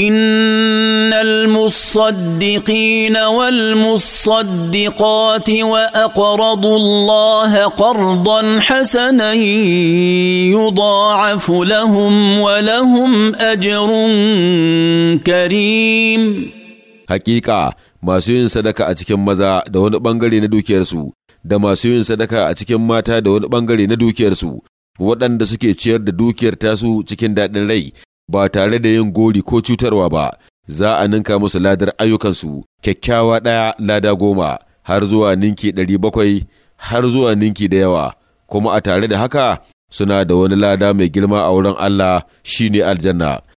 ان المصدقين والمصدقات واقرضوا الله قرضا حسنا يضاعف لهم ولهم اجر كريم حقيقه masu yin sadaka a cikin maza da wani bangare na dukiyarsu da masu yin sadaka a cikin mata da wani bangare na dukiyarsu waɗanda suke ciyar da dukiyar tasu cikin daɗin rai ba tare da yin gori ko cutarwa ba, za a ninka musu ladar ayyukansu kyakkyawa ɗaya lada goma har zuwa ninki ɗari bakwai har zuwa ninki da yawa, kuma a tare da haka suna da wani lada mai girma a wurin Allah shi ne aljanna.